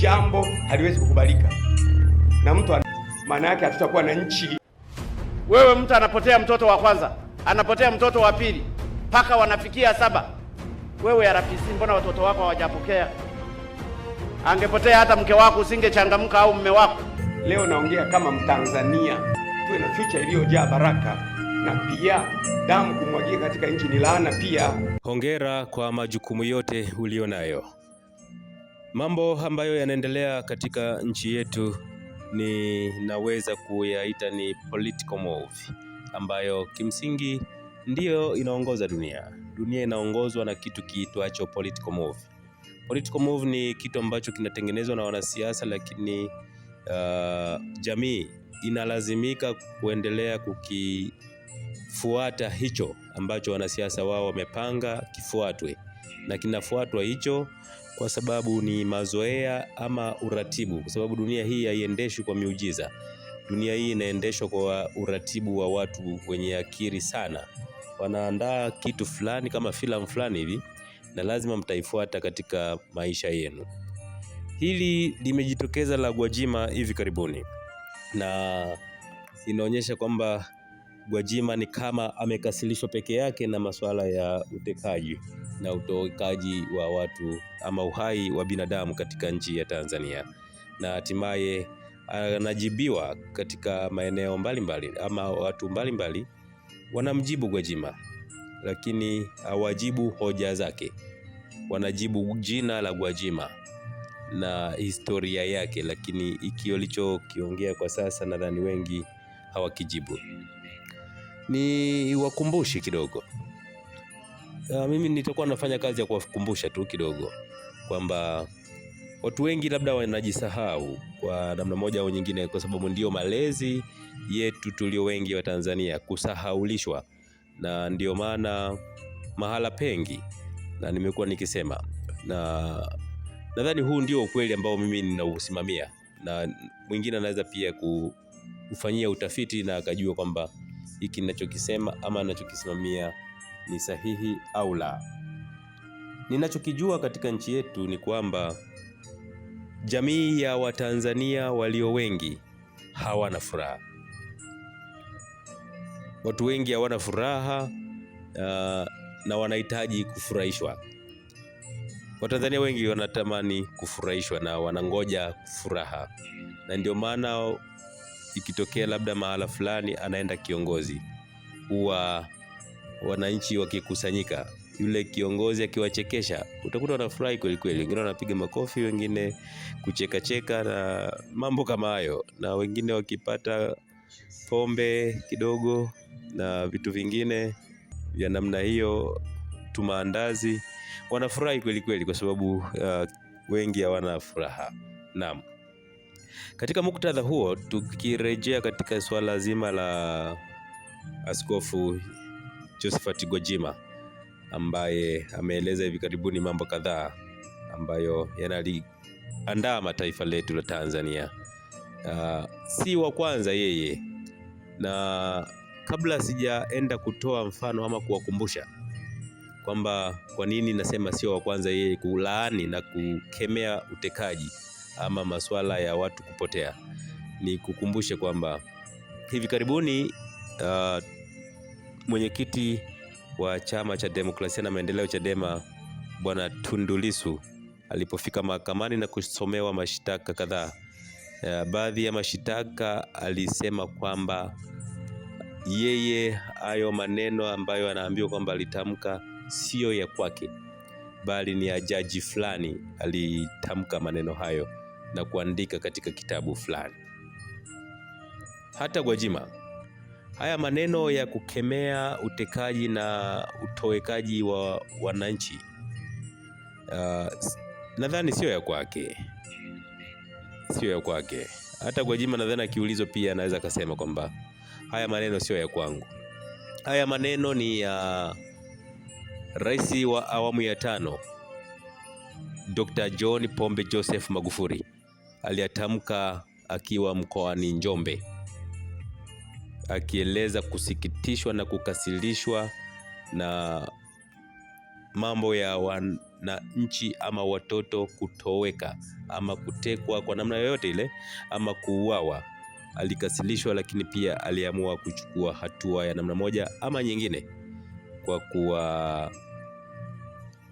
jambo haliwezi kukubalika na mtu, maana yake hatutakuwa na nchi. Wewe mtu anapotea mtoto wa kwanza, anapotea mtoto wa pili, mpaka wanafikia saba. Wewe RPC, mbona watoto wako hawajapokea? Angepotea hata mke wako usingechangamka, au mme wako. Leo naongea kama Mtanzania, tuwe na future iliyojaa baraka na pia damu kumwagia katika nchi ni laana pia. Hongera kwa majukumu yote ulionayo. Mambo ambayo yanaendelea katika nchi yetu ni naweza kuyaita ni political move ambayo kimsingi ndiyo inaongoza dunia. Dunia inaongozwa na kitu kiitwacho political move. Political move ni kitu ambacho kinatengenezwa na wanasiasa, lakini uh, jamii inalazimika kuendelea kukifuata hicho ambacho wanasiasa wao wamepanga kifuatwe na kinafuatwa hicho kwa sababu ni mazoea ama uratibu, kwa sababu dunia hii haiendeshwi kwa miujiza. Dunia hii inaendeshwa kwa uratibu wa watu wenye akili sana. Wanaandaa kitu fulani kama filamu fulani hivi, na lazima mtaifuata katika maisha yenu. Hili limejitokeza la Gwajima hivi karibuni, na inaonyesha kwamba Gwajima ni kama amekasilishwa peke yake na masuala ya utekaji na utowekaji wa watu ama uhai wa binadamu katika nchi ya Tanzania, na hatimaye anajibiwa katika maeneo mbalimbali mbali, ama watu mbalimbali mbali, wanamjibu Gwajima lakini hawajibu hoja zake, wanajibu jina la Gwajima na historia yake, lakini iki walichokiongea kwa sasa nadhani wengi hawakijibu ni wakumbushe kidogo. Uh, mimi nitakuwa nafanya kazi ya kuwakumbusha tu kidogo kwamba watu wengi labda wanajisahau kwa namna moja au nyingine, kwa sababu ndio malezi yetu tulio wengi wa Tanzania kusahaulishwa, na ndio maana mahala pengi, na nimekuwa nikisema, na nadhani huu ndio ukweli ambao mimi ninausimamia, na mwingine anaweza pia kufanyia utafiti na akajua kwamba hiki ninachokisema ama ninachokisimamia ni sahihi au la. Ninachokijua katika nchi yetu ni kwamba jamii ya Watanzania walio wengi hawana furaha. Watu wengi hawana furaha uh, na wanahitaji kufurahishwa. Watanzania wengi wanatamani kufurahishwa na wanangoja furaha, na ndio maana ikitokea labda mahala fulani anaenda kiongozi, huwa wananchi wakikusanyika, yule kiongozi akiwachekesha, utakuta wanafurahi kweli kweli, wengine wanapiga makofi, wengine kuchekacheka na mambo kama hayo, na wengine wakipata pombe kidogo na vitu vingine vya namna hiyo tumaandazi, wanafurahi kweli kweli, kwa sababu uh, wengi hawana furaha. Naam. Katika muktadha huo, tukirejea katika swala zima la Askofu Josephat Gwajima ambaye ameeleza hivi karibuni mambo kadhaa ambayo yanaliandaa mataifa letu la Tanzania. Uh, si wa kwanza yeye, na kabla sijaenda kutoa mfano ama kuwakumbusha kwamba kwa nini nasema sio wa kwanza yeye kulaani na kukemea utekaji ama masuala ya watu kupotea. ni kukumbushe kwamba hivi karibuni uh, mwenyekiti wa chama cha demokrasia na maendeleo Chadema Bwana tundulisu alipofika mahakamani na kusomewa mashtaka kadhaa. Uh, baadhi ya mashitaka alisema kwamba yeye hayo maneno ambayo anaambiwa kwamba alitamka siyo ya kwake, bali ni ya jaji fulani alitamka maneno hayo na kuandika katika kitabu fulani. Hata Gwajima haya maneno ya kukemea utekaji na utowekaji wa wananchi uh, nadhani sio ya kwake, sio ya kwake. Hata Gwajima nadhani akiulizwa pia anaweza akasema kwamba haya maneno sio ya kwangu, haya maneno ni ya uh, rais wa awamu ya tano Dr. John Pombe Joseph Magufuli aliyatamka akiwa mkoani Njombe akieleza kusikitishwa na kukasilishwa na mambo ya wananchi ama watoto kutoweka ama kutekwa kwa namna yoyote ile ama kuuawa. Alikasilishwa, lakini pia aliamua kuchukua hatua ya namna moja ama nyingine kwa kuwa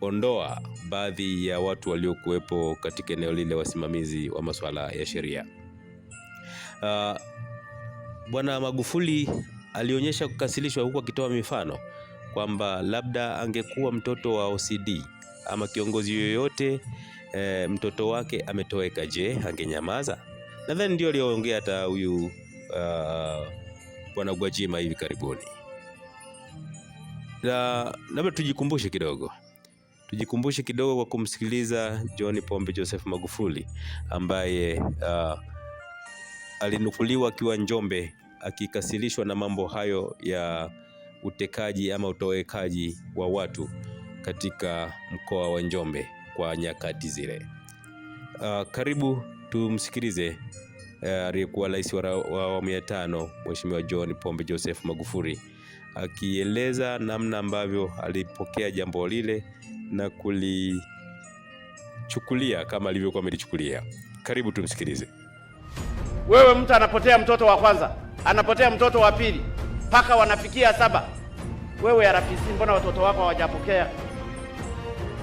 ondoa baadhi ya watu waliokuwepo katika eneo lile, wasimamizi wa masuala ya sheria. Uh, Bwana Magufuli alionyesha kukasirishwa huku akitoa mifano kwamba labda angekuwa mtoto wa OCD ama kiongozi yoyote e, mtoto wake ametoweka, je, angenyamaza? Nadhani ndio aliyoongea hata huyu uh, Bwana Gwajima hivi karibuni, na labda tujikumbushe kidogo Tujikumbushe kidogo kwa kumsikiliza John Pombe Joseph Magufuli ambaye uh, alinukuliwa akiwa Njombe akikasilishwa na mambo hayo ya utekaji ama utowekaji wa watu katika mkoa wa Njombe kwa nyakati zile. Uh, karibu tumsikilize eh, aliyekuwa uh, rais wa awamu ya tano Mheshimiwa John Pombe Joseph Magufuli akieleza namna ambavyo alipokea jambo lile na kulichukulia kama alivyokuwa amelichukulia. Karibu tumsikilize. Wewe mtu anapotea mtoto wa kwanza, anapotea mtoto wa pili, mpaka wanafikia saba. Wewe RPC, mbona watoto wako hawajapokea?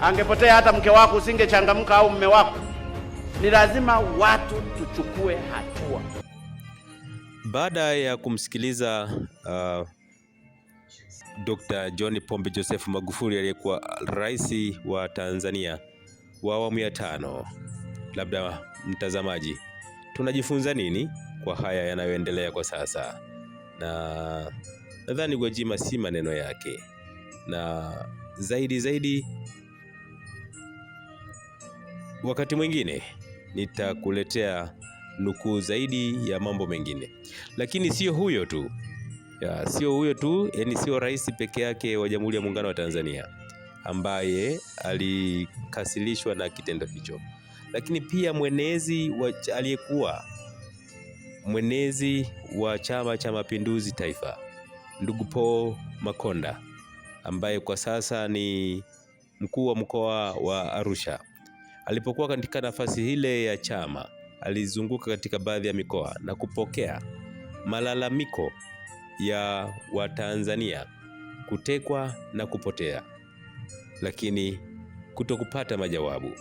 Angepotea hata mke wako usingechangamka, au mme wako. Ni lazima watu tuchukue hatua. Baada ya kumsikiliza uh, Dr. John Pombe Joseph Magufuli aliyekuwa rais wa Tanzania wa awamu ya tano. Labda mtazamaji, tunajifunza nini kwa haya yanayoendelea kwa sasa? Na nadhani Gwajima si maneno yake, na zaidi zaidi, wakati mwingine nitakuletea nukuu zaidi ya mambo mengine, lakini sio huyo tu ya, sio huyo tu yani, sio rais peke yake wa Jamhuri ya Muungano wa Tanzania ambaye alikasilishwa na kitendo hicho, lakini pia mwenezi aliyekuwa mwenezi wa Chama cha Mapinduzi Taifa, ndugu Paul Makonda ambaye kwa sasa ni mkuu wa mkoa wa Arusha. Alipokuwa katika nafasi ile ya chama, alizunguka katika baadhi ya mikoa na kupokea malalamiko ya Watanzania kutekwa na kupotea, lakini kutokupata majawabu.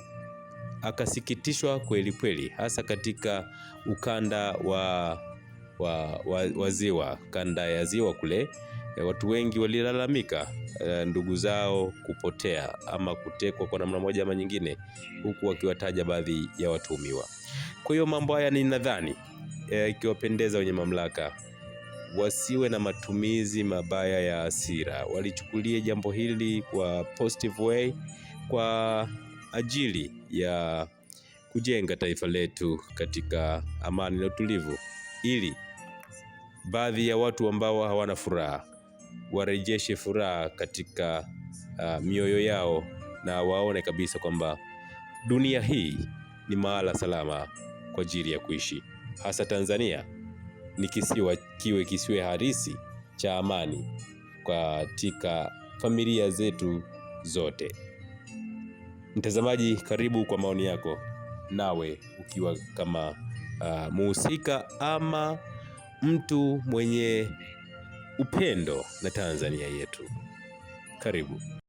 Akasikitishwa kweli kweli, hasa katika ukanda wa wa, wa, wa ziwa, kanda ya ziwa kule, eh, watu wengi walilalamika eh, ndugu zao kupotea ama kutekwa kwa namna moja ama nyingine, huku wakiwataja baadhi ya watuhumiwa. Kwa hiyo mambo haya ni nadhani eh, ikiwapendeza wenye mamlaka wasiwe na matumizi mabaya ya hasira, walichukulie jambo hili kwa positive way, kwa ajili ya kujenga taifa letu katika amani na utulivu, ili baadhi ya watu ambao hawana furaha warejeshe furaha katika uh, mioyo yao na waone kabisa kwamba dunia hii ni mahala salama kwa ajili ya kuishi, hasa Tanzania ni kisiwa kiwe kisiwe harisi cha amani katika familia zetu zote. Mtazamaji, karibu kwa maoni yako, nawe ukiwa kama uh, muhusika ama mtu mwenye upendo na Tanzania yetu. Karibu.